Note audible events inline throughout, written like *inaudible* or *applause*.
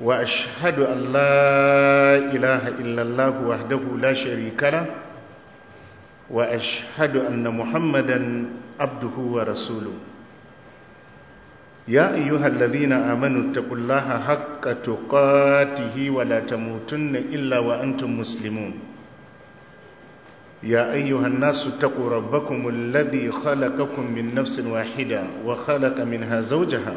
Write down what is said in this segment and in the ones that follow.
واشهد ان لا اله الا الله وحده لا شريك له واشهد ان محمدا عبده ورسوله يا ايها الذين امنوا اتقوا الله حق تقاته ولا تموتن الا وانتم مسلمون يا ايها الناس اتقوا ربكم الذي خلقكم من نفس واحده وخلق منها زوجها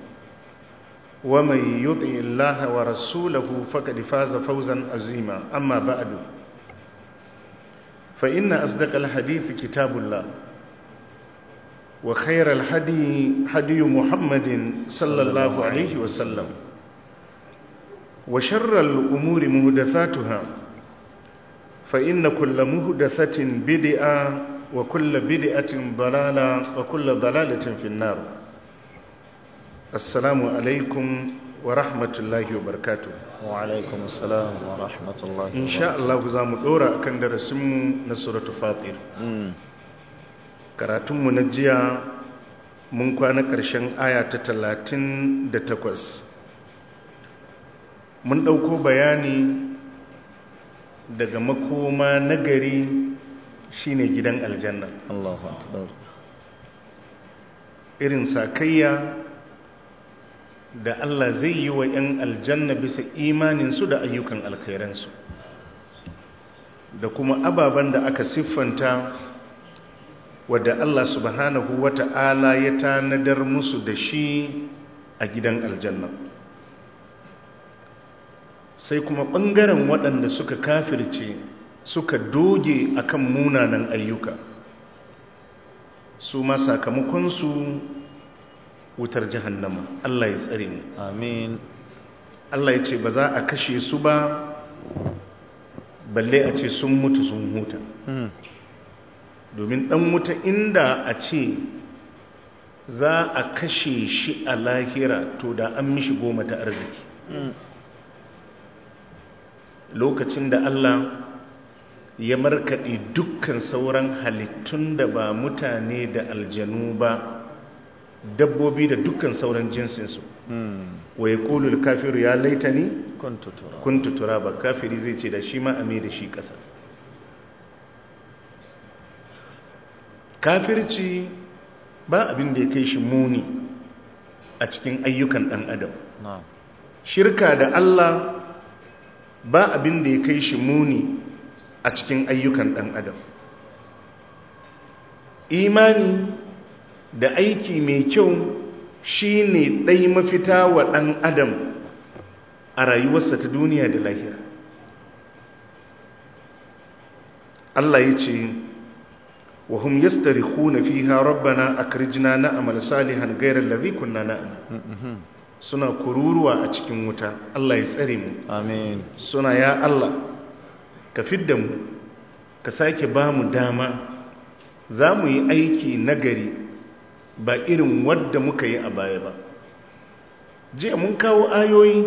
ومن يطع الله ورسوله فقد فاز فوزا عظيما أما بعد فإن أصدق الحديث كتاب الله وخير الحدي حدي محمد صلى الله عليه وسلم وشر الأمور مهدثاتها فإن كل مهدثة بدئة وكل بدئة ضلالة وكل ضلالة في النار assalamu alaikum wa rahmatullahi wa barkatu wa alaikum assalamu wa rahmatullahi insha Allah za mu dora kan darasinmu na suratu fatir hmm. karatunmu na jiya mun kwana ƙarshen aya ta talatin da takwas mun ɗauko bayani daga makoma nagari shine gidan aljanna Allahu irin sakayya da Allah zai yi wa 'yan aljanna bisa imaninsu da ayyukan alkhairansu da kuma ababen da aka siffanta wadda Allah subhanahu wa ta'ala ya tanadar musu da shi a gidan aljanna sai kuma ɓangaren waɗanda suka kafirce suka doge akan munanan ayyuka su ma sakamakonsu wutar jahannama Allah ya tsare mu amin Allah ya ce ba za a kashe su ba balle a ce sun mutu sun huta hmm. domin dan wuta inda a ce za a kashe shi a lahira to da an mishi goma ta arziki hmm. lokacin da Allah ya markaɗe dukkan sauran halittun da ba mutane da aljanu ba dabbobi da dukkan sauran jinsinsu wa ya ƙulul kafiru ya laita ni kuntutura ba. kafiri zai ce da shi ma da shi ƙasa kafirci ba abin da ya kai shi muni a cikin ayyukan ɗan adam shirka da allah ba abin da ya kai shi muni a cikin ayyukan ɗan adam imani da aiki mai kyau shine ɗai mafita wa ɗan adam a rayuwarsa ta duniya da lahira Allah ya ce wa hum yastarikhuna fiha rabbana akrijna na'mal salihan ghayra alladhi kunna na'mal mm-hmm. suna kururuwa a cikin wuta Allah ya tsare mu suna ya Allah ka fidda mu ka sake ba mu dama za mu yi aiki nagari ba irin wadda muka yi a baya ba jiya mun kawo ayoyi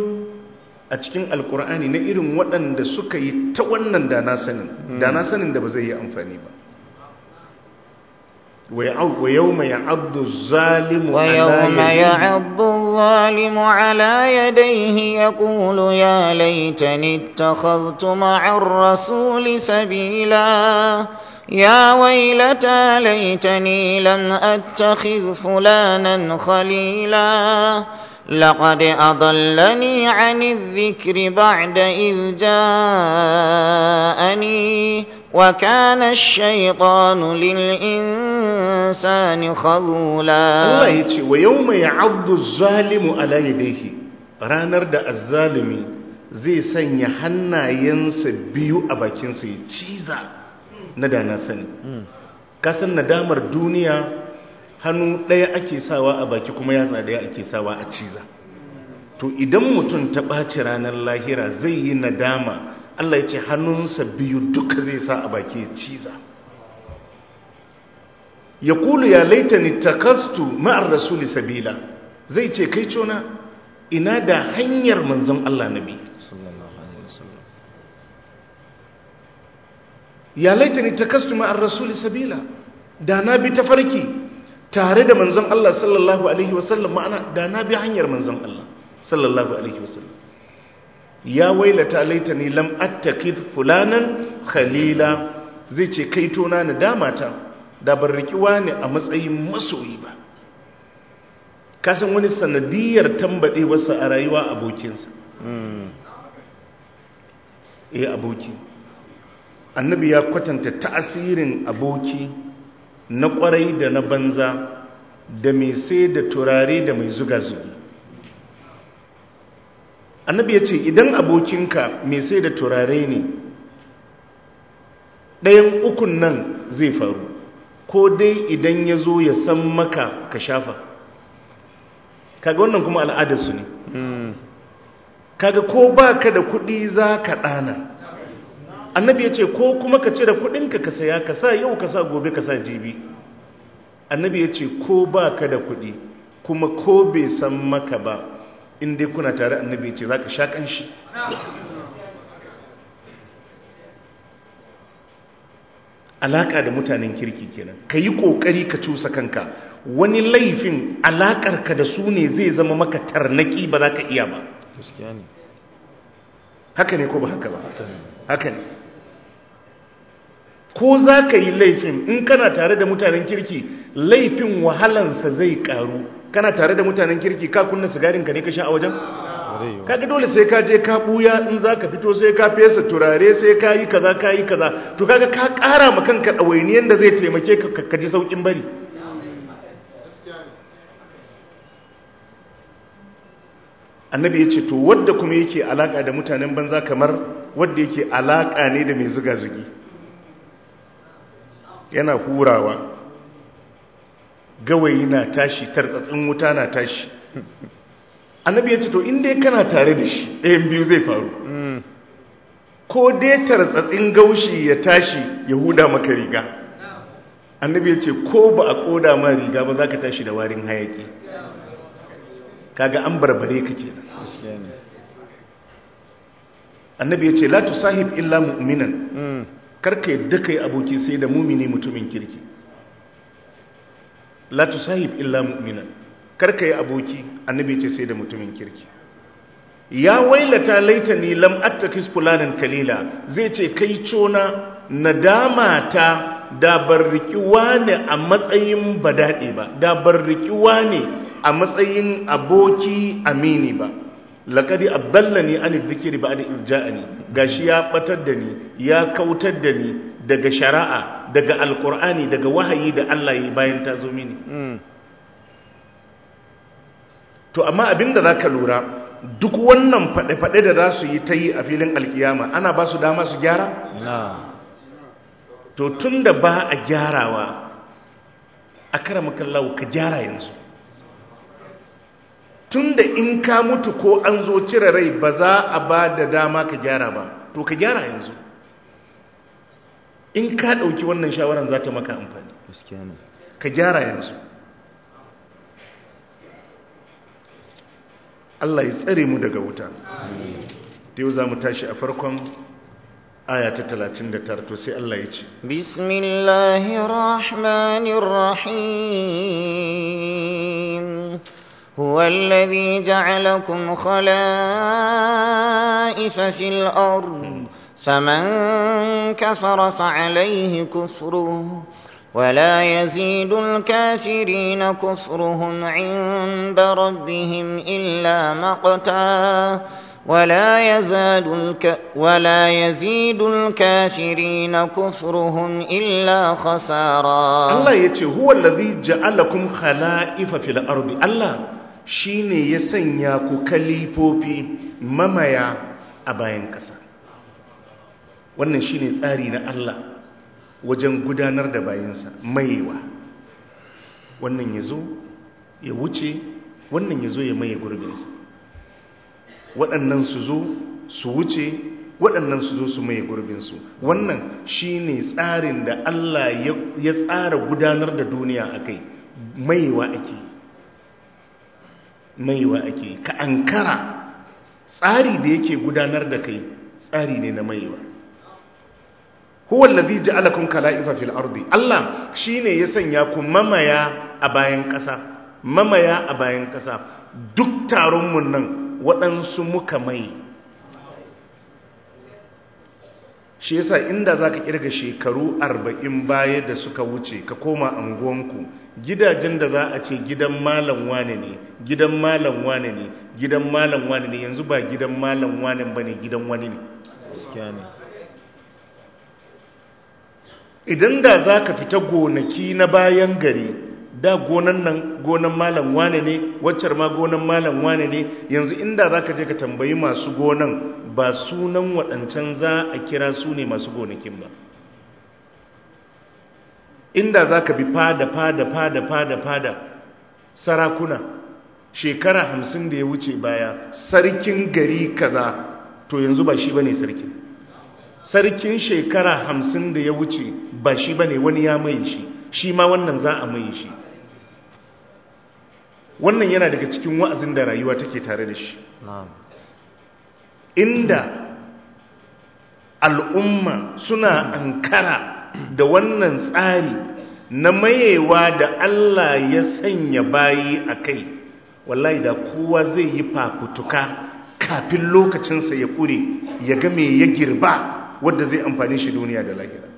a cikin alkur'ani na irin waɗanda suka yi ta wannan dana sanin dana sanin da ba zai yi amfani ba Wa ويوم Zalimu ala ya يعض ya Kulu ya laita ni ta اتخذت ma'ar rasuli Sabila. يا ويلتى ليتني لم أتخذ فلانا خليلا لقد أضلني عن الذكر بعد إذ جاءني وكان الشيطان للإنسان خذولا ويوم يعض الظالم على يديه رانر دا الظالمي زي sanya ينسب بيو a bakinsa ya na da na sani kasan nadamar duniya hannu ɗaya ake sawa a baki kuma yatsa ɗaya ake sawa a ciza to idan mutum ta ɓaci ranar lahira zai yi nadama allah ya ce hannunsa biyu duka zai sa a baki ya ciza ya kulu ya laitani takastu ma'ar rasuli sabila zai ce kai cona ina da hanyar manzon allah na biyu ya laita ta takastu ma'ar rasuli sabila da na bi ta farki. tare da manzon Allah sallallahu alaihi wasallam ma'ana da na bi hanyar manzon Allah sallallahu alaihi wasallam ya wailata ni lam attakid fulanan khalila zai ce kai tona na damata da ban wa ne a matsayin masoyi ba kasan wani sanadiyar tambaɗe wasu a rayuwa abokinsa hmm. eh aboki annabi ya kwatanta ta'asirin aboki na kwarai da na banza da mai sai da turare da mai zuga-zugi annabi ya ce idan abokinka mai sai da turare ne ɗayan ukun nan zai faru ko dai idan ya zo ya san maka ka shafa kaga wannan kuma al'adarsu ne hmm. kaga ko ba ka da kuɗi za ka ɗana annabi ya ce ko kuma ka cire kudinka ka saya ka sa yau ka sa gobe ka sa jibi annabi ya ce ko ba ka da kudi kuma ko bai san maka ba inda kuna tare annabi ya ce za ka sha kanshi alaka da mutanen kirki kenan ka yi kokari ka cusa kanka wani laifin alakarka da su ne zai zama maka tarnaki ba za ka iya ba haka ne ko ba haka ba haka ne ko za ka yi laifin in kana tare da mutanen kirki laifin wahalansa zai karu kana tare da mutanen kirki ka kunna sigarinka ne ka sha a wajen Ka ga dole sai ka je ka buya in za ka fito sai ka fesa turare sai ka yi kaza ka yi kaza to kaga ka kara ma kanka ɗawainiyar da zai taimake ka ka ji saukin bari annabi ya ce to wadda kuma yake alaka da mutanen banza kamar wadda yake alaka ne da mai ziga-zigi yana hurawa gawayi na tashi tartsatsin wuta na tashi annabi ya ce to inda ya kana tare da shi ɗayan biyu zai faru hmm. ko dai tartsatsin gaushi ya tashi ya huda maka riga annabi ya ce ko ba a koda ma riga ba za ka tashi da warin hayaki kaga an barbare ka ke annabi ya ce latu sahib illa mu'minan hmm. karka yadda kai aboki sai da mumini mutumin kirki la tusahib illa mu'mina karka yi aboki annabi ce sai da mutumin kirki ya wailata laitani lam attakis fulanan kalila zai ce kai cona nadama ta da barrikiwa ne a matsayin badaɗe ba da barrikiwa ne a matsayin aboki amini ba laqadi ne an dhikri ba'da ga shi ya batar da ni ya kautar da ni daga shari'a daga alqur'ani daga wahayi da Allah yi bayan ta zo mini hmm. to amma abin da za ka lura duk wannan faɗe-faɗe da za su yi ta yi a filin alkiyama ana ba su dama su gyara to tun da ba a gyarawa a karamakan lawo ka gyara yanzu tunda in ka mutu ko an zo cire rai ba za a ba da dama ka gyara ba to ka gyara yanzu in ka ɗauki wannan shawaran za ta maka amfani ka gyara yanzu Allah ya tsare mu daga wuta da yau za mu tashi a farkon aya ta 39 to sai Allah ya ce bismillahirrahmanirrahim هو الذي جعلكم خلائف في الأرض فمن كفر فعليه كفره ولا يزيد الكافرين كفرهم عند ربهم إلا مقتا ولا يزاد الك ولا يزيد الكافرين كفرهم إلا خسارا الله يتي هو الذي جعلكم خلائف في الأرض الله shi ne ya sanya ku kalifofi mamaya a bayan ƙasa wannan shi ne tsari na Allah wajen gudanar da bayansa mayewa wannan ya zo ya wuce wannan ya zo ya maye gurbinsa waɗannan su zo su wuce waɗannan su zo su maye gurbinsu wannan shi ne tsarin da Allah ya tsara gudanar da duniya a kai mayewa ake yi maiwa ake ka ankara tsari da yake gudanar da kai tsari ne na maiwa huwa allazi ja'alakum kala'ifa fil ardi Allah shine ya sanya ku mamaya a bayan ƙasa mamaya a bayan ƙasa duk taron mun nan waɗansu muka mai shi yasa inda za ka kirga shekaru arba'in baya da suka wuce ka koma anguwanku gidajen da za a ce gidan malam wane ne gidan malam wane ne gidan malam wane ne yanzu ba gidan malam wane ba ne gidan wani ne idan da za ka fita gonaki na bayan gari da gonan nan gonan malam wane ne waccar ma gonan malam wane ne yanzu inda za ka je ka tambayi masu gonan ba sunan waɗancan za a kira su ne masu gonakin ba inda za ka bi fada fada fada fada fada sarakuna shekara hamsin da ya wuce baya sarkin gari kaza to yanzu ba shi ba ne sarkin sarkin shekara hamsin da ya wuce ba shi ba ne wani ya mai shi shi ma wannan za a mai shi wannan yana daga cikin wa'azin da rayuwa take tare da shi inda al'umma suna ankara da wannan tsari na mayewa da Allah ya sanya bayi a kai wallahi da kowa zai yi fafutuka kafin lokacinsa ya kure ya game ya girba wadda zai amfani shi duniya da lahira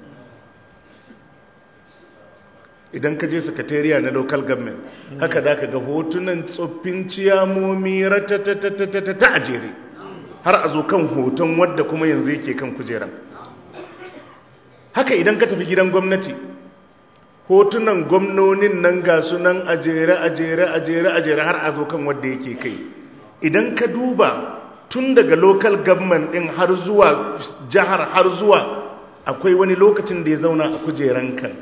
idan ka je sakatariya na local government haka da ka ga hotunan tsoffin ciyamomi ratatatata a jere har a zo kan hoton wadda kuma yanzu yake kan kujeran haka idan ka tafi gidan gwamnati hotunan gwamnonin nan ga sunan a jere a jere har a zo kan wadda yake kai idan ka duba tun daga lokal government din har zuwa jihar har zuwa akwai wani lokacin da ya zauna a kujeran kan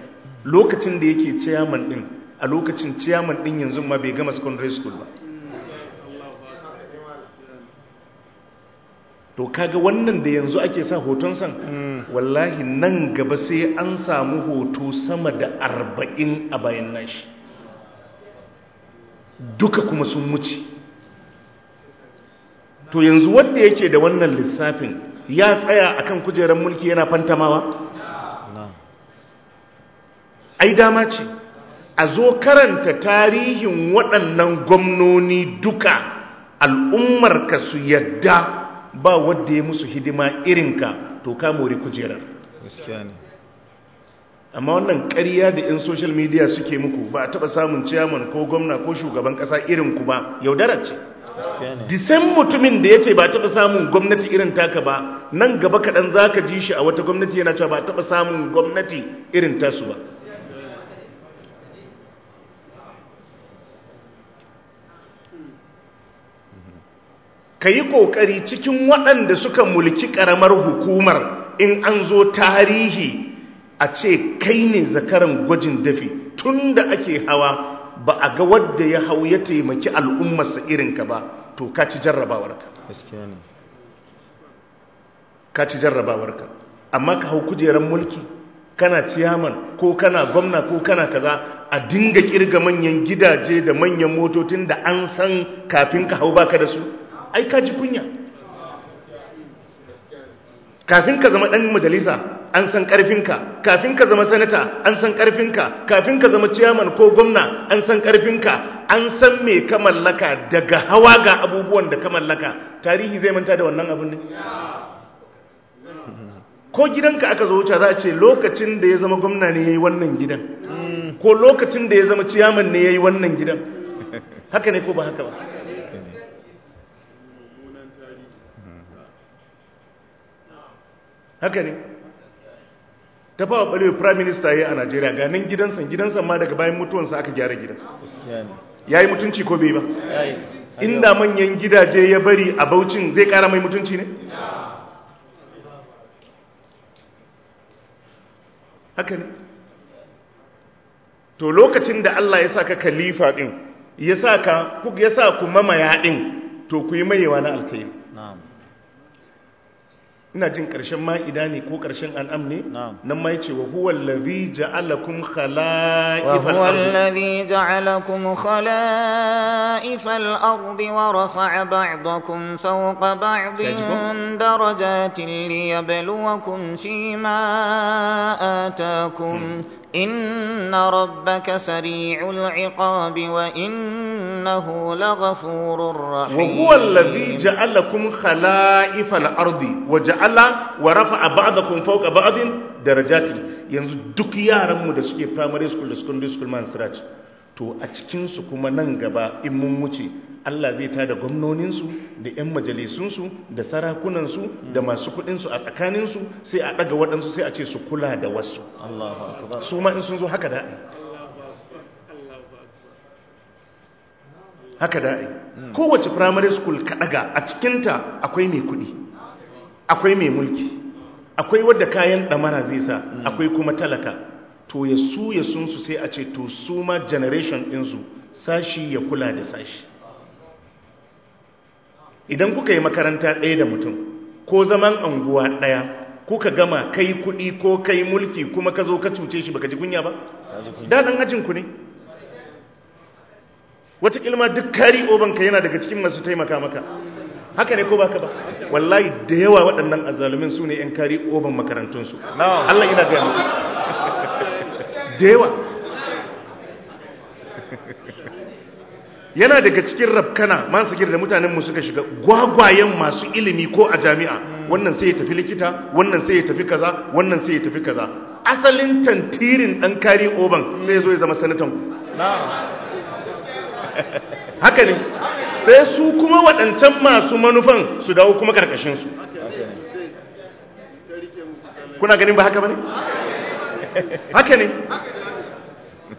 lokacin da yake chairman din a lokacin chairman din yanzu ma bai gama secondary school ba to kaga wannan da yanzu ake sa hoton san hmm. wallahi nan gaba sai an samu hoto sama da arba'in a bayan nashi duka kuma sun muci. to yanzu wadda yake da wannan lissafin ya tsaya akan kujerar mulki yana fantamawa ai dama ce a zo karanta tarihin waɗannan gwamnoni duka al'ummarka su yadda ba wadda ya musu hidima irinka to ka mori kujerar amma wannan ƙarya da 'yan social media suke muku ba a taɓa samun ciyaman ko gwamna ko shugaban ƙasa irinku ba yaudara ce disan mutumin da ya ce ba taɓa samun gwamnati irin taka ba nan gaba kaɗan za ka ji shi a wata gwamnati yana cewa ba taɓa samun gwamnati irin tasu ba ka yi ƙoƙari cikin waɗanda suka mulki ƙaramar hukumar in an zo tarihi a ce kai ne zakaran gwajin dafi tun da ake hawa ba a ga wadda ya hau ya taimaki al'ummarsa irinka ba to ka ci jarrabawarka ka ci jarrabawarka amma ka hau kujerar mulki kana ciyaman ko kana gwamna ko kana kaza a dinga kirga manyan gidaje da manyan motocin da an san kafin ka hau baka da su ai ka ji kunya kafin ka zama ɗan majalisa an san ƙarfinka kafin ka zama sanata an san ƙarfinka kafin ka zama ciyaman ko gwamna an san ƙarfinka an san me ka mallaka daga hawa ga abubuwan da ka mallaka tarihi zai manta da wannan abin ne ko gidanka aka zo wuce za a ce lokacin da ya zama gwamna ne ya yi wannan gidan ko lokacin da ya zama ciyaman ne ya yi wannan gidan haka ne ko ba haka ba haka ne ta fawa ɓarewa prime minister ya yi a najeriya ganin gidansa gidansa ma daga bayan mutuwansa aka gyara gidan ya yi mutunci ko bai ba inda manyan gidaje ya bari a baucin zai kara mai mutunci ne haka ne to lokacin da allah ya sa ka kalifa ɗin ya sa ku mamaya ɗin to ku yi mayewa na alkhairi ina jin ƙarshen ma'ida ne ko ƙarshen an'am ne nan ma yace wa huwa allazi ja'alakum khala'ifal ardi wa huwa allazi ja'alakum khala'ifal ardi wa rafa'a ba'dakum fawqa ba'din darajatin liyabluwakum fima atakum إن ربك سريع العقاب وإنه لغفور رحيم وهو الذي جعلكم خلائف الأرض وجعل ورفع بعضكم فوق بعض درجات ينزل دك يارم da suke primary school da secondary to a cikinsu kuma nan gaba in mun wuce Allah zai ta da gwamnoninsu da 'yan majalisunsu da sarakunansu da masu kudinsu a tsakaninsu sai a daga waɗansu sai a ce su kula da wasu su ma in sun zo haka da'i haka da'i hmm. kowace primary school ka daga a cikinta akwai mai kudi akwai mai mulki akwai wadda kayan ɗamara zai sa hmm. akwai kuma talaka to ya su ya su sai a ce to su ma generation ɗinsu sashi ya kula da sashi idan kuka yi makaranta ɗaya da mutum ko zaman anguwa ɗaya kuka gama kai kuɗi ko kai mulki kuma ka zo ka cuce shi baka ji kunya ba daɗin ku ne wata ilma duk kari obanka yana daga cikin masu taimaka maka haka ne ko baka ba wallahi da yawa waɗannan azalumin su ne 'yan kari oban makarantunsu Allah ina gaya dewa yana daga cikin rafkana masu da mutanenmu suka shiga gwagwayen masu ilimi ko a jami'a wannan sai ya tafi likita wannan sai ya tafi kaza wannan sai ya tafi kaza asalin tantirin ɗan kari oban sai ya zo ya zama sanatan ku *laughs* haka ne sai su kuma waɗancan masu manufan su dawo kuma ƙarƙashinsu kuna ganin ba haka ba ne? haka ne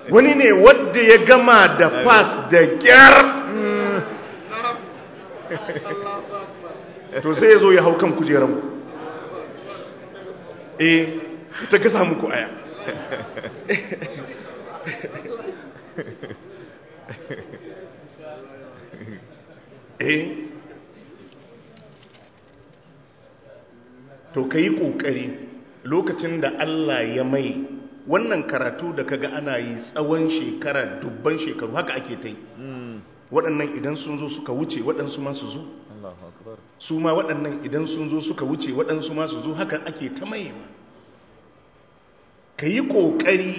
wani ne wadda ya gama da fas da kyar to sai ya zo ya hau kan kujeran ku e ta gasa muku aya e to ka yi ƙoƙari lokacin da Allah ya mai wannan karatu da kaga ana yi tsawon shekara dubban shekaru haka ake ta yi hmm. waɗannan idan sun zo suka wuce waɗansu ma su zo su ma waɗannan idan sun zo suka wuce waɗansu ma su zo haka ake ta mayewa ka yi ƙoƙari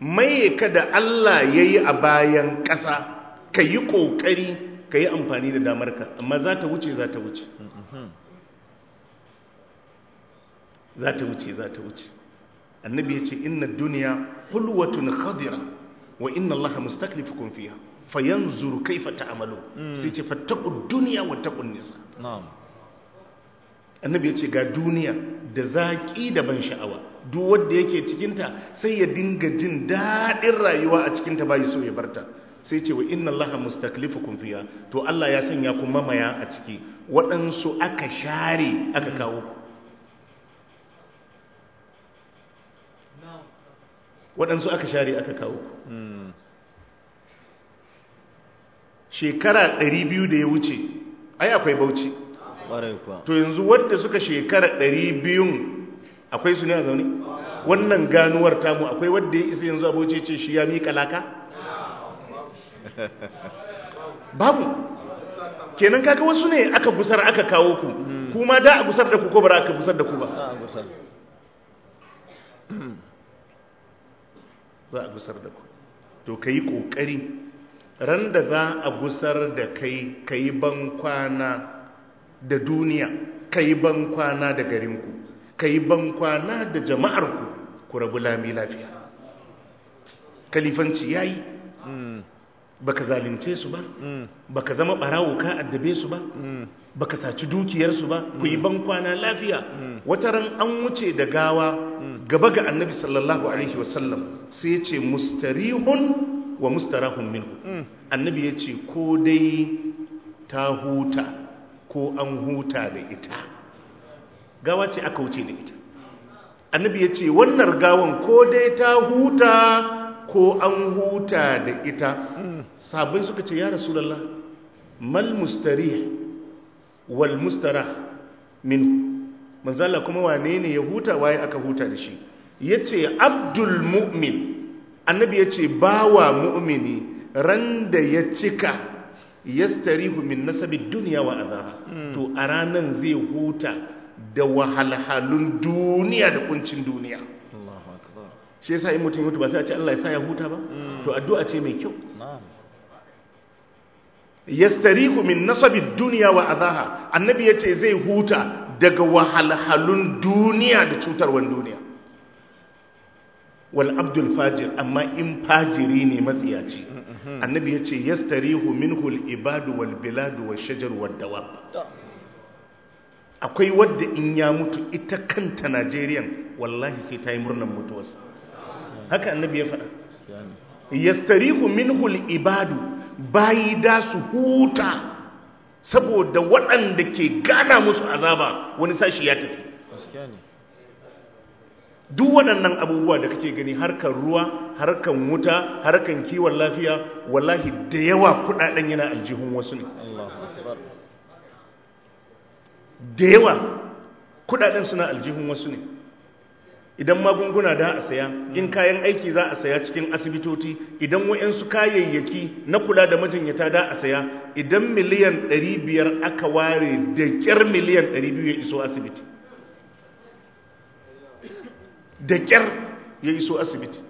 maye ka da Allah ya yi a bayan ƙasa ka yi ƙoƙari ka yi amfani da damarka amma za ta wuce za ta wuce mm-hmm. za ta wuce za ta wuce annabi ya ce inna duniya hulwatun khadira wa inna allaha mustaklifukum fiha fayanzuru kaifa ta'malu mm. sai ce fattaqu duniya wa taqun nisa na'am annabi ya ce ga duniya da zaƙi da ban sha'awa duk wanda yake cikinta sai ya dinga jin daɗin rayuwa a cikinta bayi so ya barta sai ce wa inna allaha mustaklifukum fiha to Allah ya sanya ku mamaya a ciki waɗansu aka share aka kawo waɗansu aka share aka kawo hmm. shekara 200 da ya wuce ai akwai bauchi to yanzu wadda suka shekara 200 akwai su ne a zaune wannan ganuwar tamu akwai wadda ya isa yanzu abuce ce shi ya miƙa laka *laughs* babu kenan kaga wasu ne aka gusar aka kawo ku hmm. kuma da a gusar da ku ko ba aka gusar da ku ba *clears throat* za a gusar da ku to ka yi ƙoƙari ran da za a gusar da kai ka yi bankwana da duniya ka yi bankwana da garinku ka yi bankwana da jama'arku ku rabu lami lafiya kalifanci ya yi mm. baka zalince su ba mm. baka zama barawo ka addabe su ba mm. baka saci dukiyarsu ba ku yi bankwana lafiya wata ran an wuce da gawa gaba ga annabi sallallahu alaihi wasallam sai ce mustarihun wa mustarahun minhu mm. annabi ya ce ko dai ta huta ko an huta da ita gawa ce aka wuce da ita annabi ya ce wannan gawan ko dai ta huta ko an huta da ita mm. sabai suka ce ya rasulallah mal mustarih wal mustarah minhu manzala kuma wane ne ya huta waye aka huta da shi ya ce abdul mu'min annabi ya ce bawa mu'mini ran da ya cika yastarihu min nasabi duniya wa azaha hmm. to a ranan zai huta da wahalhalun duniya da kuncin duniya shi yasa in mutum mutu ba sai a ce Allah ya sa ya huta ba hmm. to addu'a ce mai kyau yastariku min nasabi duniya wa azaha annabi ya ce zai huta daga wahalhalun duniya da cutarwar duniya wal abdul fajir amma in fajiri ne matsiyaci annabi ya ce yastarihu minhul al ibadu wal biladu wa shajar wa dawab akwai wadda in ya mutu ita kanta Najeriyan wallahi sai ta yi murnan mutuwarsa haka annabi ya faɗa yastarihu min ibadu bayi da su huta saboda waɗanda ke gana musu azaba wani sashi ya tafi duk waɗannan abubuwa da kake gani harkar ruwa harkar wuta harkar kiwon lafiya wallahi da yawa kudaden yana aljihun wasu ne da yawa kudaden suna aljihun wasu ne idan magunguna da a saya in kayan aiki za a saya cikin asibitoci idan wayansu kayayyaki na kula da majinyata da a saya idan miliyan 500 aka ware da kyar miliyan 200 ya iso asibiti da ƙyar ya iso asibiti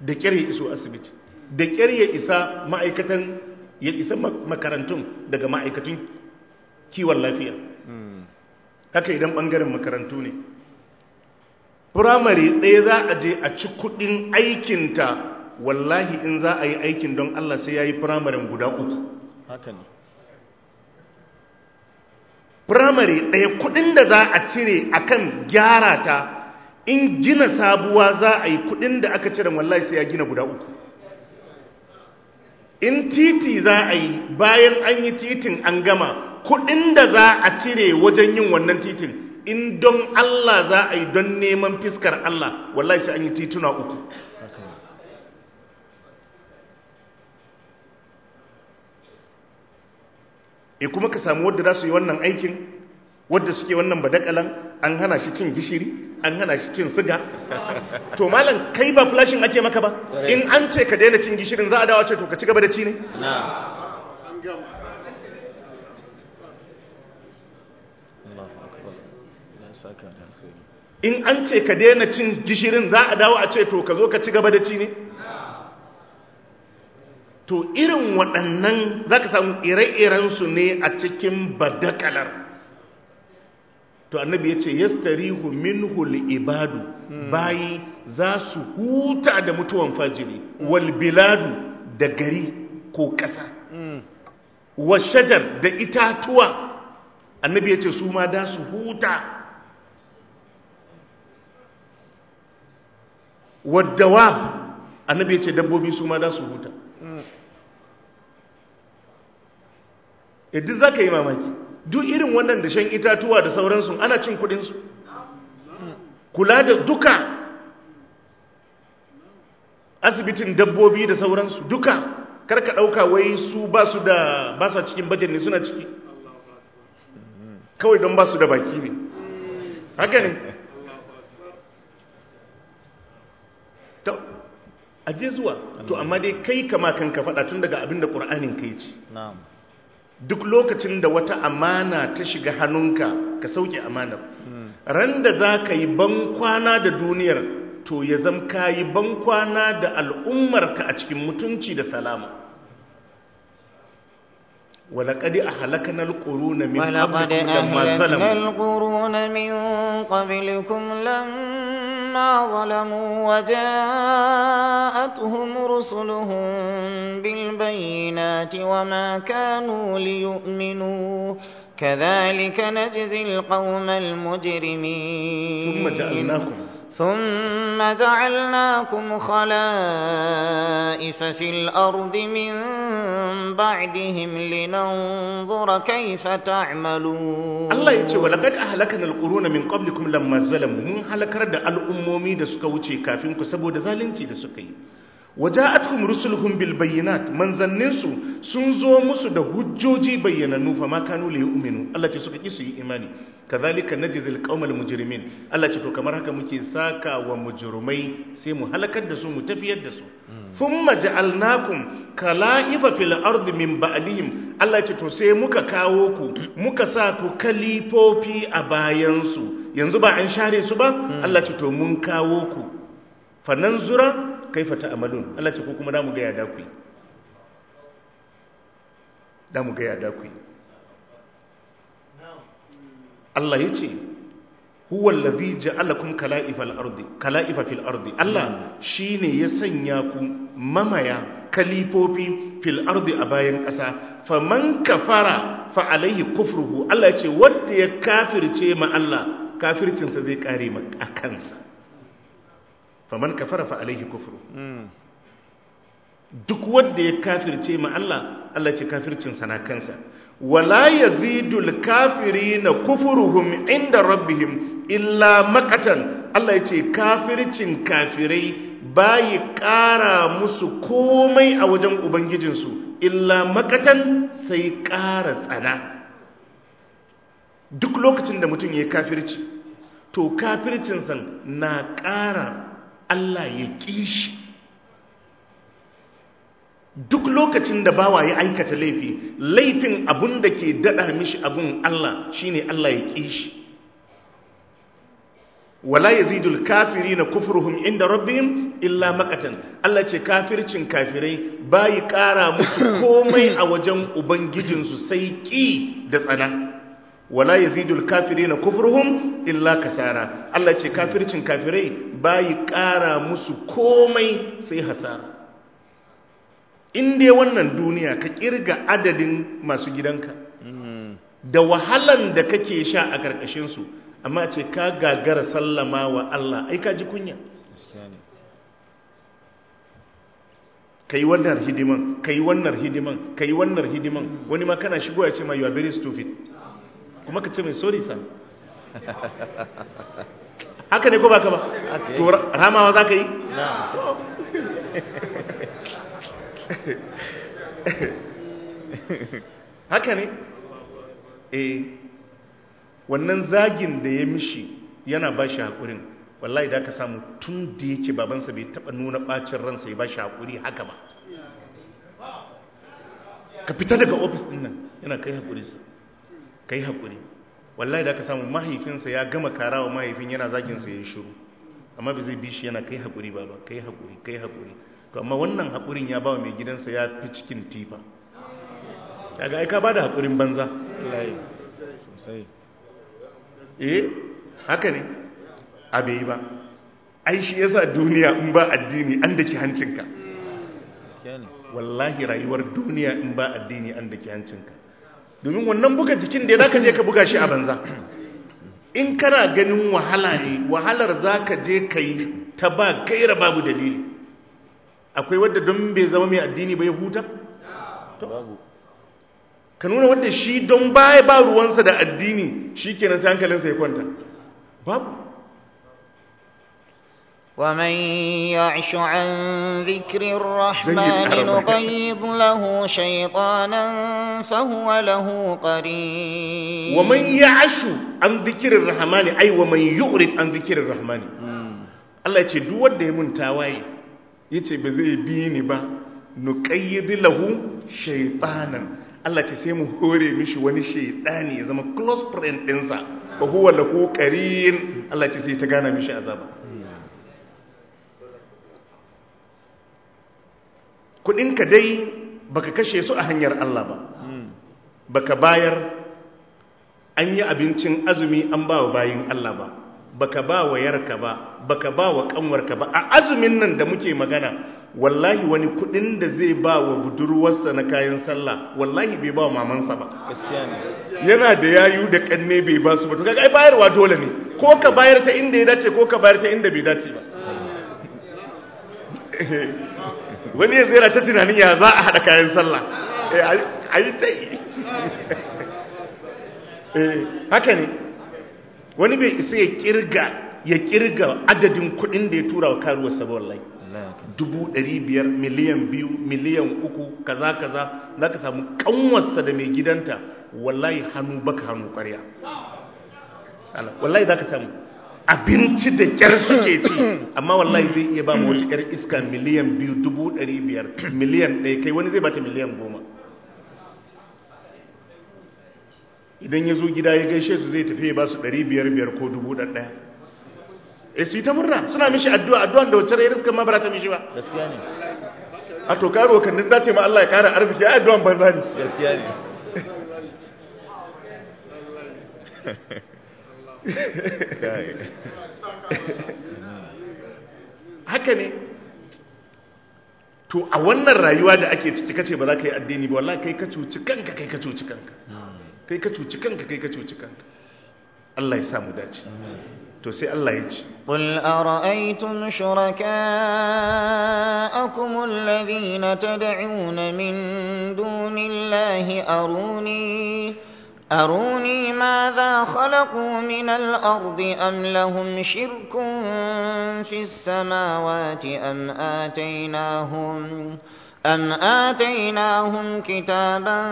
da ƙyar ya iso asibiti da ƙyar ya isa ma'aikatan ya isa makarantun daga ma'aikatun kiwon lafiya haka idan ɓangaren makarantu ne firamare ɗaya za a je a ci kuɗin aikinta wallahi in za a yi aikin don allah sai ya yi firamaren guda uku haka ne firamare ɗaya kuɗin da za a cire a kan gyara ta in gina sabuwa za a yi kudin da aka cire wallahi sai ya gina guda uku in titi za a yi bayan an yi titin an gama kuɗin da za a cire wajen yin wannan titin in don Allah za a yi don neman fiskar Allah wallahi sai an yi tituna uku e kuma ka samu wadda za su yi wannan aikin wadda suke wannan badakalan an hana shi cin gishiri an hana shi cin siga *laughs* to malam kai ba flashin ake maka ba in an ce ka daina cin gishirin za a dawo ce to ka ci gaba da ci ne in an ce ka daina cin gishirin za a dawo a ce to ka zo ka ci gaba da ci ne to irin waɗannan za ka samu ire iren su ne a cikin badakalar to annabi ya ce yastarihu minhul ibadu bayi za su huta da mutuwan fajiri wal biladu da gari ko ƙasa wa shajar da itatuwa annabi ya ce su ma da su huta wadda annabi ya ce dabbobi su ma da su huta e za ka yi mamaki duk irin wannan da shan itatuwa da sauransu ana cin kudinsu kula da duka asibitin dabbobi da sauransu duka karka ɗauka wai su ba su da ba su cikin bajin ne suna ciki kawai don ba su da baki ne haka ne ta aje zuwa to amma dai kai kama kan ka faɗa tun daga abin da ƙura'anin ka yi duk lokacin da wata amana ta shiga hannunka ka sauke amanar randa za ka yi bankwana da duniyar to ya zam ka yi bankwana da al'ummarka a cikin mutunci da salama ولقد أهلكنا القرون من ولقد أهلكنا القرون من قبلكم لما ظلموا وجاءتهم رسلهم بالبينات وما كانوا ليؤمنوا كذلك نجزي القوم المجرمين ثم جعلناكم ثم جعلناكم خلائف في الأرض من بعدهم لننظر كيف تعملون الله يتي ولقد أهلكنا القرون من قبلكم لما ظلموا من هلك رد الأمومي دسكوتي suka wuce دزالنتي ku waja'atuhum rusuluhum bil bayyinat manzanninsu sun zo musu da hujjoji bayyananu fa ma kanu li yu'minu Allah ce suka ki su yi imani kazalika najzil qaumal mujrimin Allah ce to kamar haka muke saka wa mujrimai sai mu halakar da su mu tafiyar da su thumma ja'alnakum kala'ifa fil ardi min ba'dihim Allah ce to sai muka kawo ku muka sa ku kalifofi a bayan su yanzu ba an share su ba Allah ce to mun kawo ku fananzura kaifa ta'malun Allah ce ko kuma damu ga ya da ku damu ga ya da ku Allah yace huwa allazi ja'alakum kala'ifal ardi kala'ifa fil ardi Allah hmm. shine ya sanya ku mamaya kalifofi fil ardi a bayan ƙasa faman kafara fa alaihi kufruhu Allah ce wanda ya kafirce ma Allah kafircinsa zai kare ma kansa faman fara fa alaihi kufru hmm. duk wanda ya kafirce ma Allah Allah ce kafircin sana kansa wala yazidul kafirina kufruhum inda rabbihim illa makatan Allah ya ce kafircin kafirai bayi kara musu komai a wajen ubangijinsu illa makatan sai kara tsana duk lokacin da mutum ya kafirci to kafircinsa na kara. Allah ya ƙi shi duk lokacin da bawa ya aikata laifi laifin abun da ke daɗa mishi abun Allah shine Allah ya ƙi shi wala na na kufurhun inda rabbihim illa makatan Allah ce kafircin kafirai bayi ƙara musu komai a wajen ubangijinsu sai ƙi da tsana wala yazidul na kufurhum illa kasara Allah ce kafircin kafirai yi ƙara musu komai sai hasara in wannan duniya ka kirga adadin masu gidanka da wahalan da kake sha a karkashinsu amma ce ka gagara sallama wa Allah ai ka ji kunya ka yi wannan hidiman ka yi wannan hidiman ka yi wannan hidiman wani ma kana shigo ya ce ma you are very kuma ka ce mai sori sa haka ne ko ba ka ba to ramawa za ka yi haka ne eh wannan zagin da ya mishi yana ba shi haƙurin wallahi da aka samu tun da yake babansa bai taɓa nuna ɓacin ransa ya ba shi haƙuri haka ba ka fita daga ofis ɗin yana kai haƙurinsa ka yi haƙuri wallahi da ka samu mahaifinsa ya gama karawa mahaifin yana zaginsa ya yi shiru amma bai zai bi shi yana kai haƙuri ba ba kai haƙuri kai haƙuri to amma wannan haƙurin ya bawa mai gidansa ya fi cikin tifa ya ga aika ba da haƙurin banza eh haka ne a bai ba ai shi yasa duniya in ba addini an daki hancinka wallahi rayuwar duniya in ba addini an daki hancinka domin wannan buga jikin da ya zaka je ka buga shi a banza in kana ganin wahala ne wahalar zaka je ka yi ta ba gaira babu dalili akwai wadda don bai zama mai addini ba ya huta? ka nuna wadda shi don baya ba ruwansa da addini shi kenan sai hankalinsa ya kwanta babu ومن يعش عن ذكر الرحمن نقيض له شيطانا فهو له قريب ومن يعش عن ذكر الرحمن أي ومن يعرض عن ذكر الرحمن Allah ya ce duk wanda ya mun tawaye yace ba zai bi ni ba nuqayyid lahu shaytanan Allah ce sai mu hore mishi wani shaytani ya zama close friend ɗinsa fa huwa lahu qarin Allah ce sai ta gana mishi azaba kudinka dai baka kashe su a hanyar Allah ba hmm. baka bayar an yi abincin azumi an ba wa bayin Allah ba baka ba wa yarka ba baka ba wa kanwarka ba a azumin nan da muke magana wallahi wani kudin da zai ba wa budurwarsa na kayan sallah wallahi bai ba wa mamansa ba yana da yayu da kanne bai ba su ba to kai bayarwa dole ne ko ka bayar ta inda ya dace ko ka bayar ta inda bai dace ba hmm. *laughs* wani ya zera ta tunanin ya za a haɗa kayan sallah eh, a yi ta yi *laughs* eh, haka ne wani bai isa ya kirga ya kirga adadin kudin da ya tura wa karuwarsa ba lai dubu dari biyar miliyan biyu miliyan uku kaza kaza za ka samu kanwarsa da mai gidanta wallahi hannu baka hannu ƙwarya wallahi za ka samu abinci da kyar suke ci *laughs* amma wallahi zai iya ba mu wata kyar iska miliyan biyu dubu ɗari biyar miliyan ɗaya kai wani zai bata miliyan goma idan ya zo gida ya gaishe su zai tafi ya ba su ɗari biyar biyar ko dubu ɗaya e su yi ta murna suna mishi addu'a addu'an da wacce rai riskan ma ba ta mishi ba gaskiya ne a to karo kan za dace ma Allah ya kara arziki ai addu'an banza ne gaskiya ne *laughs* haka ne to a wannan rayuwa da ake ciki kace ba za ka yi addini ba wallahi kai ka cuci kanka kai ka cuci kanka kai ka cuci kanka kai ka cuci kanka Allah ya samu dace to sai Allah ya ci qul ara'aytum shuraka'akum alladhina tad'un min dunillahi aruni أروني ماذا خلقوا من الأرض أم لهم شرك في السماوات أم آتيناهم أم آتيناهم كتابا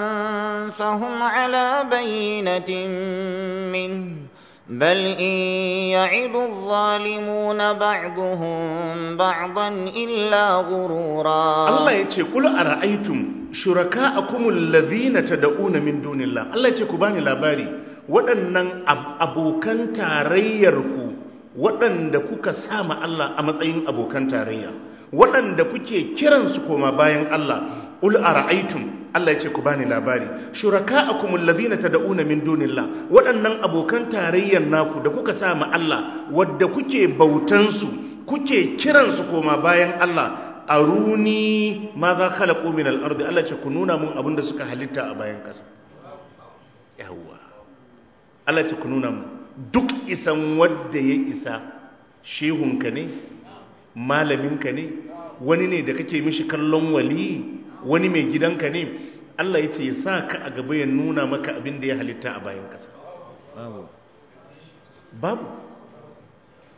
فهم على بينة منه بل إن يعد الظالمون بعضهم بعضا إلا غرورا الله يتقول أرأيتم shuraka a akumul ta da'una min dunillah Allah ce ku bani labari waɗannan abokan tarayyarku waɗanda kuka sama Allah a matsayin abokan tarayya waɗanda kuke kiransu koma bayan Allah ul ara'aytum Allah ce ku bani labari shuraka'akum alladhina tad'una min dunillah waɗannan abokan tarayyar naku da kuka sama Allah wadda kuke bautansu kuke kiransu koma bayan Allah aruni ma za khalaqu min al-ardi Allah ce ku nuna mun abinda suka halitta a bayan kasa yawa Allah ce ku nuna mun duk isan wanda ya isa shehunka ne malaminka ne wani ne da kake mishi kallon wali wani mai gidanka ne Allah ya ce ya sa ka a gaba ya nuna maka abin da ya halitta a bayan kasa babu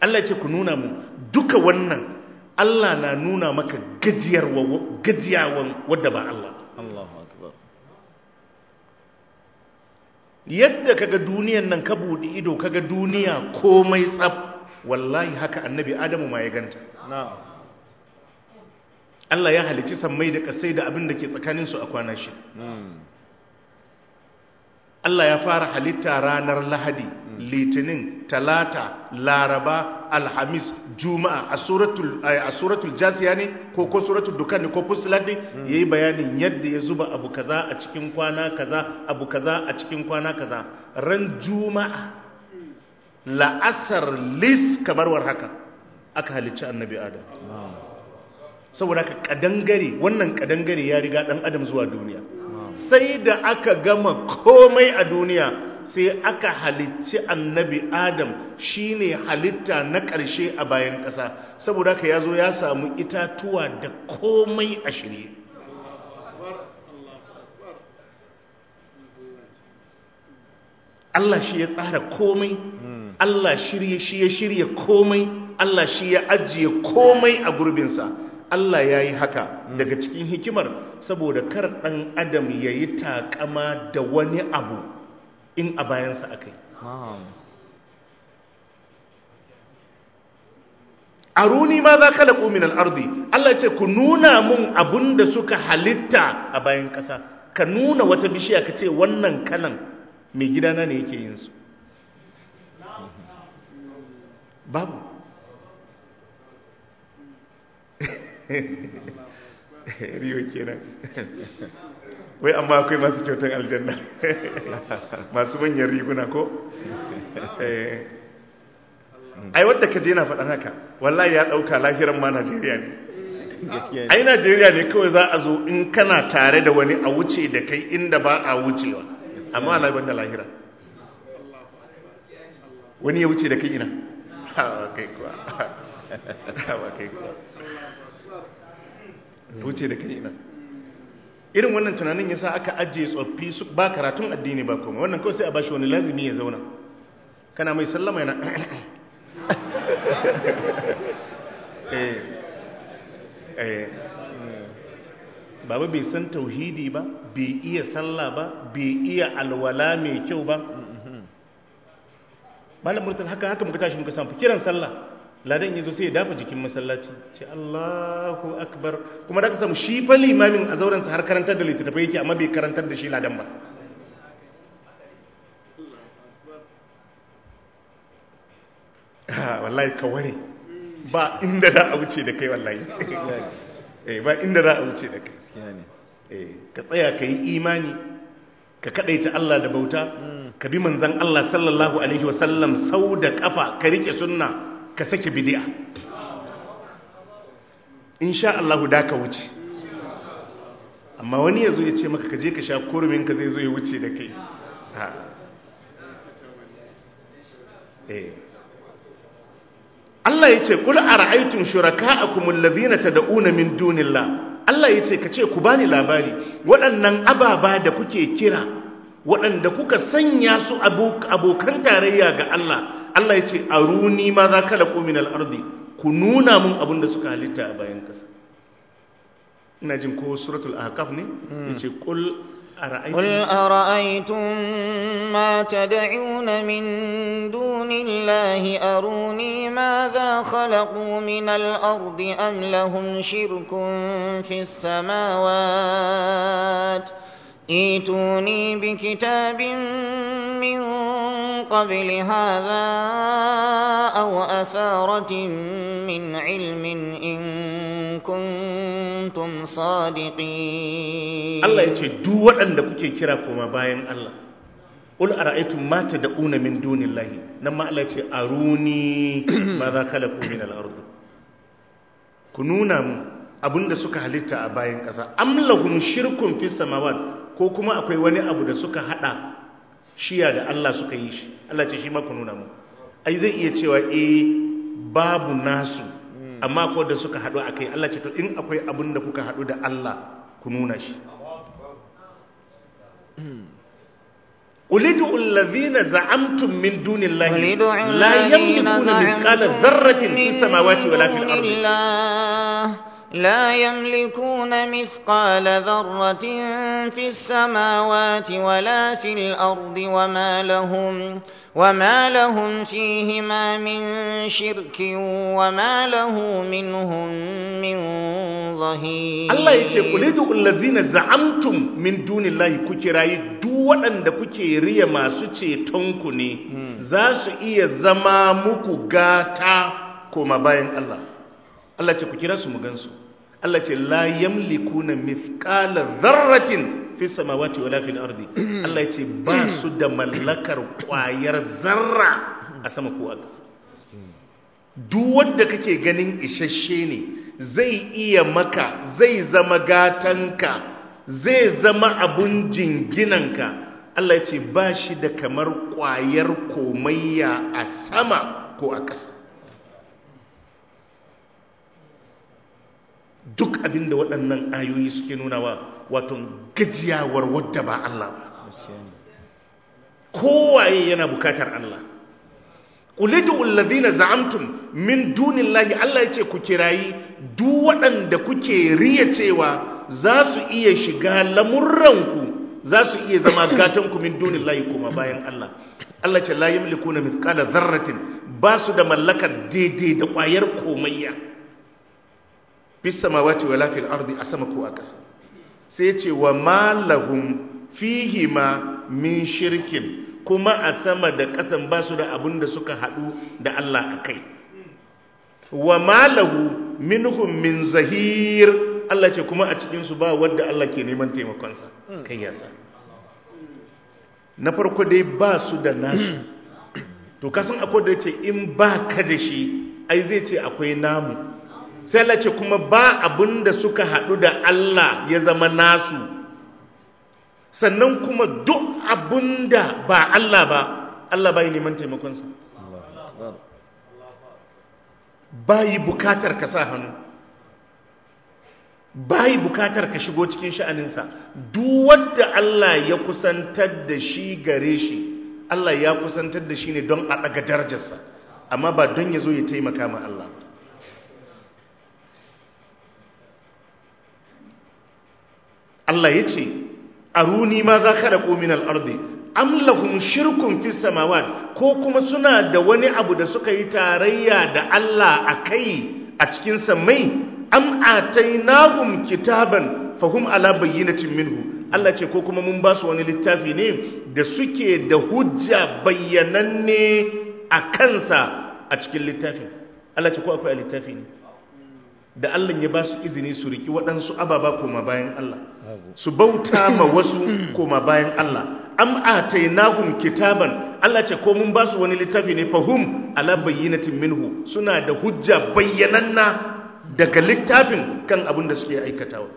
Allah ce ku nuna mun duka wannan Allah na nuna maka gajiyawan wadda ba Allah yadda kaga duniyan nan ka buɗi ido kaga duniya komai tsab wallahi haka annabi adamu ma ya ganta Allah ya halici sammai da kasai da abin da ke tsakaninsu a kwana shi hmm. Allah ya fara halitta ranar lahadi litinin talata laraba alhamis juma'a eh, a suratul jasiya ne ko ko suratul dukan ko fusilat ne hmm. ya yi bayanin yadda ya zuba abu kaza a cikin kwana kaza abu kaza a cikin kwana kaza ran juma'a la'asar lis kamar war haka aka halicci annabi adam saboda ka kadangare wannan kadangare ya riga dan adam zuwa duniya sai da aka gama komai a duniya sai aka halicci annabi adam shine halitta na ƙarshe a bayan ƙasa saboda ka ya zo ya samu itatuwa da komai a shirye Allah shi ya tsara komai Allah shirye shi ya shirye komai Allah shi ya ajiye komai a gurbinsa Allah ya yi haka daga cikin hikimar saboda kar ɗan adam ya yi taƙama da wani abu in a bayansa aka yi a runi ma za ka laƙo min al'ardi Allah ce ku nuna mun abun da suka halitta a bayan ƙasa ka nuna wata bishiya ka ce wannan kanan mai gidana ne yake yin su babu *laughs* riyo kenan *laughs* wai amma akwai masu kyautar aljanna *laughs* masu manyan riguna ko eh. ai wadda ka je na faɗan haka wallahi ya ɗauka lahiran ma najeriya ne ai najeriya ne kawai za a zo in kana tare da wani a wuce da kai inda ba a wucewa amma ala ban lahira wani ya wuce da kai ina hawa kai kuwa *laughs* hawa kai kuwa wuce da kai ina irin wannan tunanin yasa aka ajiye tsoffi su ba karatun addini ba kuma wannan kawai sai a shi wani lazimi ya zauna kana mai sallama yana *coughs* eh, eh, hmm. baba bai san tauhidi ba bai iya sallah ba bai iya alwala mai kyau ba mm-hmm. malam murtal haka haka muka tashi muka samu kiran sallah ladan ya zo sai ya dafa jikin masallaci ce Allahu akbar kuma da ka samu shi fa limamin a zauren sa har karantar da littattafai yake amma bai karantar da shi ladan ba ha wallahi ka ware ba inda za a wuce da kai wallahi *laughs* eh ba inda za a wuce da kai eh ka tsaya ka yi imani ka kadaita Allah da bauta mm. ka bi manzon Allah sallallahu alaihi wasallam sau da kafa ka rike sunna ka sake bidiya insha Allah da ka wuce amma wani ya zo ya ce maka kaje ka sha kurmin ka zai zo ya wuce da kai eh. Allah ya ce kula a ra'aitun shuraka a kumulladina ta da'una min dunillah Allah ya ce ka ce ku bani labari waɗannan ababa da kuke kira waɗanda kuka sanya su abokan tarayya ga Allah Allah ya ce aruni ma za ka laƙo min al'ardi ku nuna mun abin da suka halitta a bayan ƙasa ina jin ko suratul ahqaf ne ya ce kul ara'aytum ma tad'una min dunillahi aruni ma za khalaqu min al-ardi am lahum shirkun fis samawati ائتوني بكتاب من قبل هذا أو أثارة من علم إن كنتم صادقين الله يتي دو waɗanda kuke kira كوما باين الله قل أرأيتم ما تدعون من دون الله نما الله يتي أروني ماذا خلقوا من الأرض كنونا abinda سكه halitta a bayan ƙasa am lahum shirkun fis samawat ko kuma akwai wani abu da suka hada shiya da Allah suka yi shi Allah ce shi ma nuna mu ai zai iya cewa eh babu nasu hmm. amma ko da suka hadu akai Allah ce to in akwai abun da kuka hadu da Allah ku nuna shi ulidu allazina za'amtum min dunillahi la yamlikuna qala dharratin fis samawati wala fil ardi لا يملكون مثقال ذرة في السماوات ولا في الأرض وما لهم وما لهم فيهما من شرك وما له منهم من ظهير الله يتي قل الذين زعمتم من دون الله كتيراي duk waɗanda kuke riya masu cetonku ne za su iya zama muku gata الله bayan Allah Allah ce ku kira Allah ce la yamlikuna mithqala dharratin fi samawati wala fil ardi *clears throat* Allah ce ba su da mallakar kwayar zarra a sama ko a ƙasa duk wanda kake ganin isasshe ne zai iya maka zai zama gatanka zai zama abun jinginanka Allah ce ba shi da kamar kwayar komayya a sama ko a ƙasa duk abin da waɗannan ayoyi suke nuna wa wato gajiyawar wadda ba Allah ba kowaye yana bukatar Allah kulidu ulladhina za'amtum min dunillahi Allah yace ku kirayi duk waɗanda kuke riya cewa za su iya shiga lamurranku za su iya zama gatanku min dunillahi kuma bayan Allah Allah ce la yamlikuna mithqala dharratin ba su da mallakar daidai da ƙwayar komayya ma samawati wa lafi al’ardi a sama ko a ƙasa sai ce wa malahum fihima min shirkin kuma a sama da ƙasan ba su da abun da suka haɗu da Allah a kai wa malahu minhum min zahir Allah ce kuma a cikinsu ba wadda Allah ke neman taimakonsa kai yasa na farko dai ba su da nasu to kasan akwai da ce in ba ka da shi ai zai ce akwai namu sai lace ce kuma ba abin da suka haɗu da Allah ya zama nasu sannan kuma duk abin da ba Allah ba Allah bai neman taimakonsa bayi bukatar ka sa hannu bayi bukatar ka shigo cikin sha'aninsa duk wanda Allah ya kusantar da shi gare shi Allah ya kusantar da shi ne don a ɗaga darajarsa amma ba don ya zo ya taimaka ma Allah ba Allah ya ce aruni ma za ka rako min al'ardi amlahum shirkun fi samawat ko kuma suna da wani abu da suka yi tarayya da Allah a kai a cikin sammai am atainahum kitaban fahum ala bayyinatin minhu Allah ce ko kuma mun ba su wani littafi ne da suke da hujja bayyananne a kansa a cikin littafin Allah ce ko akwai a littafi ne da Allah ya ba su izini su riki waɗansu ababa koma bayan Allah su bauta ma wasu koma bayan Allah am atainahum kitaban Allah ce ko mun ba su wani littafi ne fahum ala bayyinatin minhu suna da hujja bayyananna daga littafin kan abin da suke aikatawa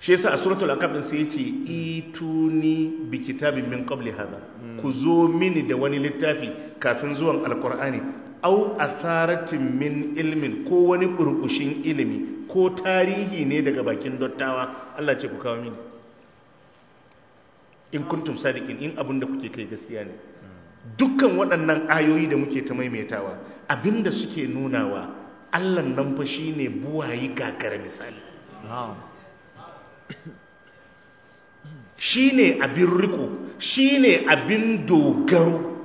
shi yasa a suratul akab din sai yace ituni bi kitabin min qabli hada hmm. ku zo mini da wani littafi kafin zuwan alqur'ani au asaratin min ilmin ko wani burbushin ilimi ko tarihi ne daga bakin dottawa Allah ce ku kawo mini in kuntum sadiqin in abinda kuke kai gaskiya ne dukkan waɗannan ayoyi da muke ta maimaitawa abinda suke nunawa Allah nan fa shine buwayi gagara misali shine abin riko shine abin dogaro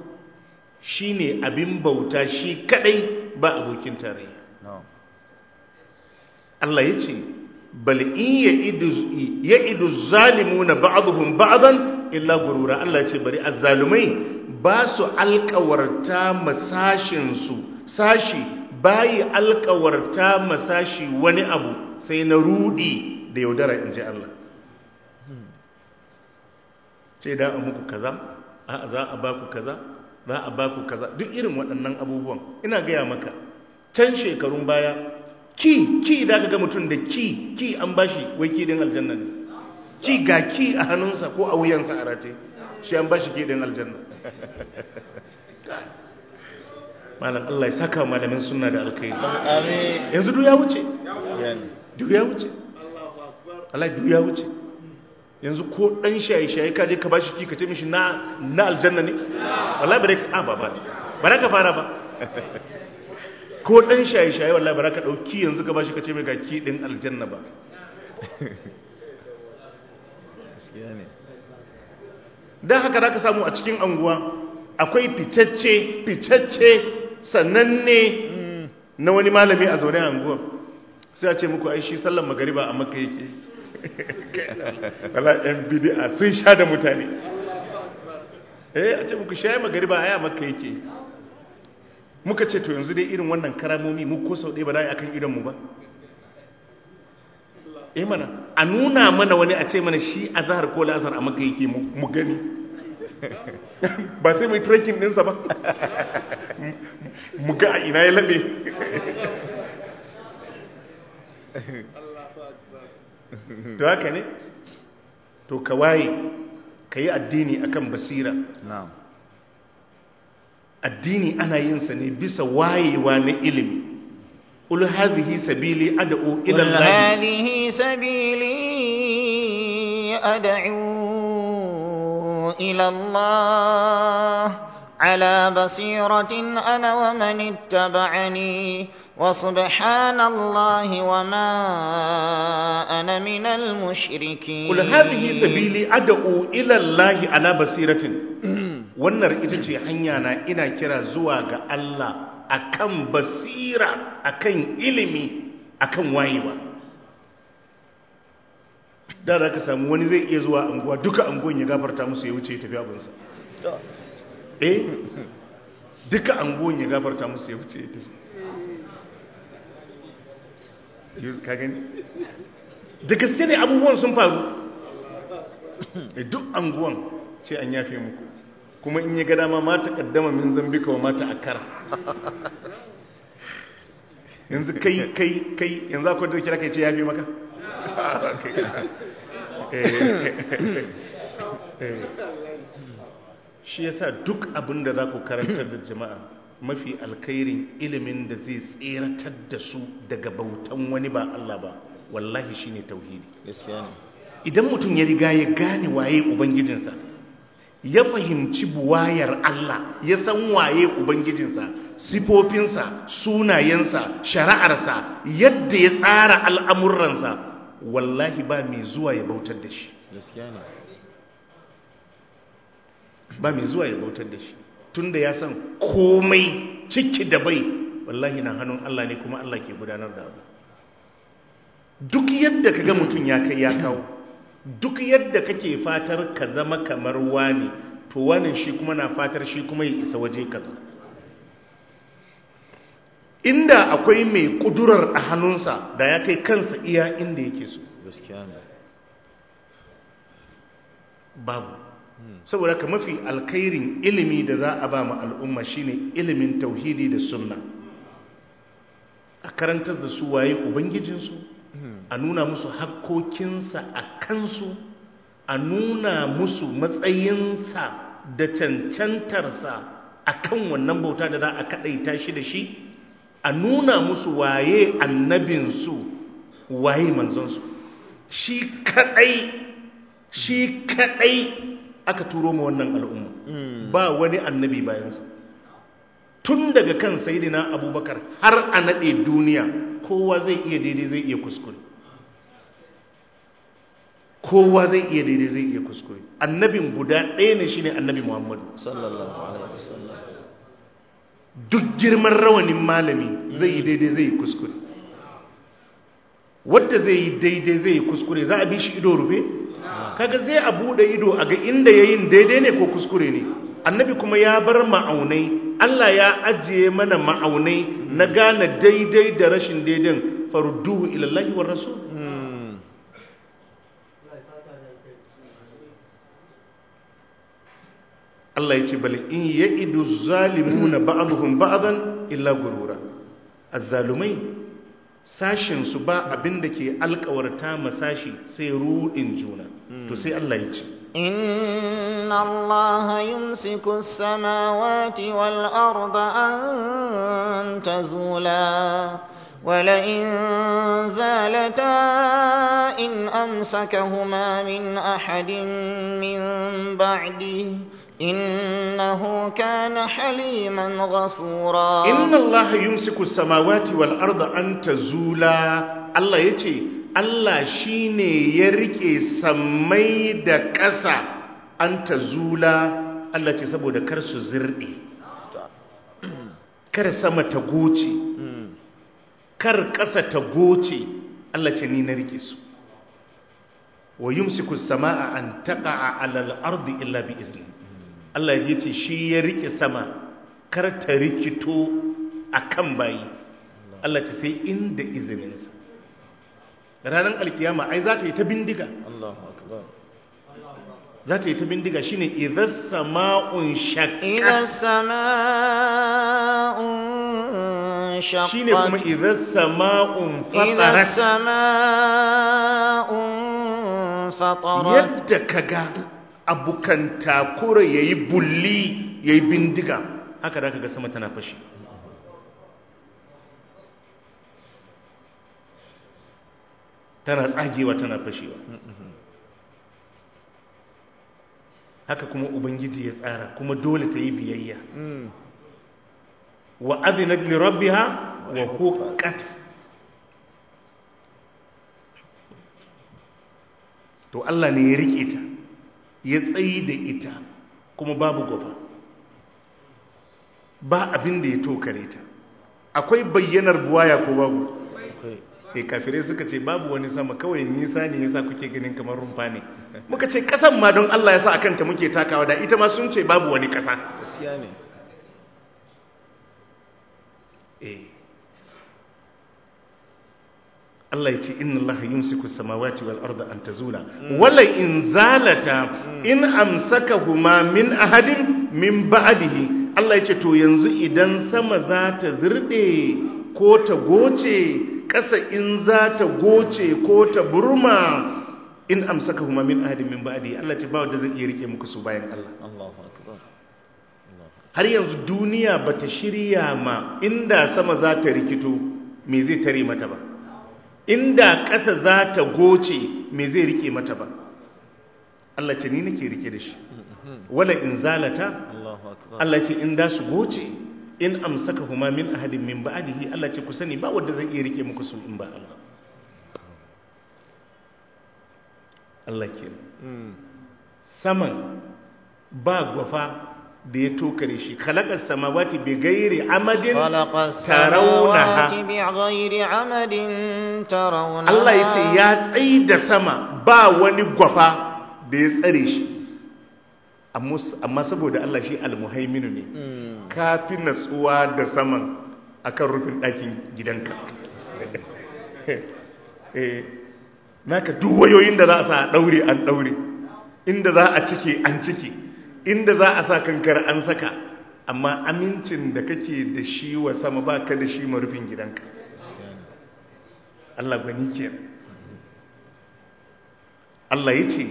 shi ne abin bauta shi kadai ba abokin tarayya Allah ya ce bal in ya idu zalimu na ba'aduhun ba'adan illa gurura Allah ce bari azzalumai ba su alkawarta masashinsu sashi bayi alkawarta masashi wani abu sai na rudi da yaudara in ji Allah ce hmm. da a muku kaza a za a baku kaza za a ba ku kaza duk irin waɗannan abubuwan ina gaya maka can shekarun baya ki ki da ga mutum da ki ki an bashi wai ki din aljanna ne ki ga ki a hannunsa ko a wuyansa a rate shi an bashi ki din aljanna malam Allah ya saka malamin sunna da alkhairi amin yanzu duk ya wuce duk ya wuce Allah duk ya wuce yanzu ko ɗan shaye-shaye kaje ka bashi ki ka ce mishi na aljanna ne wallahi bare ka ba ba bare ka fara ba *laughs* ko ɗan shaye-shaye wallahi bare ka ɗauki yanzu ka bashi ka ce mai ga ki din aljanna ba *laughs* don haka za ka samu a cikin anguwa akwai ficacce ficacce sananne mm. na wani malami a zauren anguwa sai a ce muku ai shi sallan magariba a makka yake wala yan bid'a sun sha da mutane eh a ce muku shaye magariba aya makka yake muka ce to yanzu dai irin wannan karamomi mu ko sau ɗaya ba za a yi akan idonmu ba eh mana a nuna mana wani a ce mana shi a zahar ko la'asar a maka yake mu gani ba sai mai trekking ɗinsa ba mu ga a ina ya laɓe *laughs* to haka ne to ka waye ka yi addini akan basira addini ana yin sa ne bisa wayewa na ilimi قل هذه sabili adau إلى الله قل هذه سبيلي أدعو على بصيرة أنا ومن اتبعني وسبحان الله وما أنا من المشركين قل هذه سبيلي أدعو إلى الله على بصيرة wannan ita ce hanya na ina kira zuwa ga Allah akan basira akan ilimi akan wayewa da za ka samu wani zai iya zuwa anguwa duka anguwan ya gafarta musu ya wuce ya tafi abinsa eh duka anguwan ya gafarta musu ya wuce ya tafi ka gani da gaske ne abubuwan sun faru eh, duk anguwan ce an yafe muku kuma in ya gada ma mata kaddama min zambi kawo mata akara yanzu kai kai kai yanzu akwai da kira kai ce yafe maka *laughs* ok eh, eh, shi yasa duk abin da za ku karantar da jama'a mafi alkhairin ilimin da zai tseratar da su daga bautan wani ba Allah ba wallahi shi ne tauhidi idan mutum ya riga ya gane waye ubangijinsa ya fahimci buwayar Allah ya san waye ubangijinsa sifofinsa sunayensa shari'arsa yadda ya tsara al'amuransa wallahi ba mai zuwa ya bautar da shi ba mai zuwa ya bautar da shi tunda ya san komai ciki da bai wallahi na hannun Allah ne kuma Allah ke gudanar da abu duk yadda ka ga mutum ya kai ya kawo duk yadda kake fatar ka zama kamar wani to wani shi kuma na fatar shi kuma ya isa waje ka kaza inda akwai mai kudurar a hannunsa da ya kai kansa iya inda yake so gaskiya ne babu saboda ka mafi alkairin ilimi da za a ba mu al'umma shine ilimin tauhidi da sunna a karantar da su waye ubangijinsu a nuna musu hakkokinsa a kansu a nuna musu matsayinsa da cancantarsa a kan wannan bauta da za a kaɗaita shi da shi a nuna musu waye annabinsu waye manzonsu shi kaɗai shi kaɗai aka turo ma wannan al'umma hmm. ba wani annabi bayansa tun daga kan sayidina abubakar har a naɗe duniya kowa zai iya daidai zai iya kuskure kowa zai iya daidai zai iya kuskure annabin guda ɗaya ne shine annabi muhammadu sallallahu alaihi wasallam duk girman rawanin malami zai yi daidai zai yi kuskure wadda zai yi daidai zai yi kuskure za a bi shi ido rufe kaga zai a bude ido a ga inda yayin daidai ne ko kuskure ne annabi kuma ya bar ma'aunai Allah ya ajiye mana ma'aunai na gane daidai da rashin daidai farduhu ilallahi wa rasu. Allah ya ce bal in ya zalimu zalimuna ba'aduhun ba'adan illa gurura azzalumai sashin su ba abin da ke alkawarta masashi sai ruɗin juna hmm. to sai Allah ya ce إن الله يمسك السماوات والأرض أن تزولا ولئن زالتا إن أمسكهما من أحد من بعده إنه كان حليما غفورا إن الله يمسك السماوات والأرض أن تزولا الله يتي Allah shi ne ya riƙe samai da ƙasa an ta zula Allah ce saboda kar su zirɗe kar sama ta goce kar ƙasa ta goce Allah ce ni na rike su wa yumsiku sama'a an taƙa'a alal ardi illa bi izni Allah ya ce shi ya rike sama kar ta rikito a kan bayi Allah ce sai inda izininsa ranar alkiyama ai za ta yi ta bindiga za ta yi ta bindiga shine idan sama'un shakka idan sama'un Shi shine kuma idan sama'un fatarat idan sama'un fatarat yadda kaga abukan takura ya yi bulli ya yi bindiga haka da ga sama tana fashi tana tsagewa tana fashewa haka kuma ubangiji ya tsara kuma dole ta yi biyayya wa azinat li rabbiha wa huqqat to Allah ne ya rike ta ya tsayi da ita kuma babu gwafa ba abin da ya tokare ta akwai bayyanar buwaya ko babu e eh, kafire suka ce babu wani sama kawai nisa ne yasa kuke ganin kamar rumfa ne muka ce kasan ma don Allah ya sa akan ta muke takawa da ita ma sun ce babu wani kasa gaskiya eh Allah ya ce inna Allah yumsiku samawati wal arda an tazula wala in zalata in huma min ahadin min ba'dihi Allah ya ce to yanzu idan sama za ta zirde ko ta goce ƙasa in za ta goce ko ta burma in huma min ahadin min ba'dihi Allah ya ce ba wanda zai iya rike muku su bayan Allah Allahu akbar har yanzu duniya bata shirya ma inda sama za ta rikito me zai tare mata ba inda ƙasa za ta goce me zai rike mata ba Allah ce ni nake rike da shi wala in zalata Allah ce in da su goce in amsaka huma min ahadin min ba'dihi Allah ce ku sani ba wanda zai iya rike muku su in ba Allah Allah ke hmm. saman ba gwafa da ya tokare shi khalaqas samawati bi ghairi amadin tarawnaha bi ghairi amadin tarawnaha ya tsayi da sama ba wani gwafa da ya tsare shi amma saboda Allah shi almuhaiminu ne hmm. kafi natsuwa da saman akan rufin ɗakin gidanka *laughs* eh, naka duk wayoyin da za a sa a ɗaure an ɗaure inda za a cike an cike inda za a sa kankar an saka amma amincin da kake da shi wa sama ba ka da shi marufin gidanka Allah gani ke Allah ya ce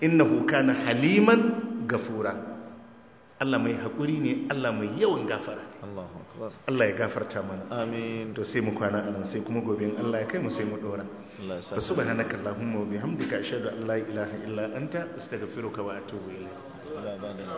huka na haliman gafura Allah mai haƙuri ne Allah mai yawan gafara Allah ya gafarta mana amin to sai mu kwana anan sai kuma gobe Allah ya kai mu sai mu dora subhanakallahumma wa bihamdika ashhadu an la ilaha illa anta astaghfiruka wa atubu ilayk 不要不要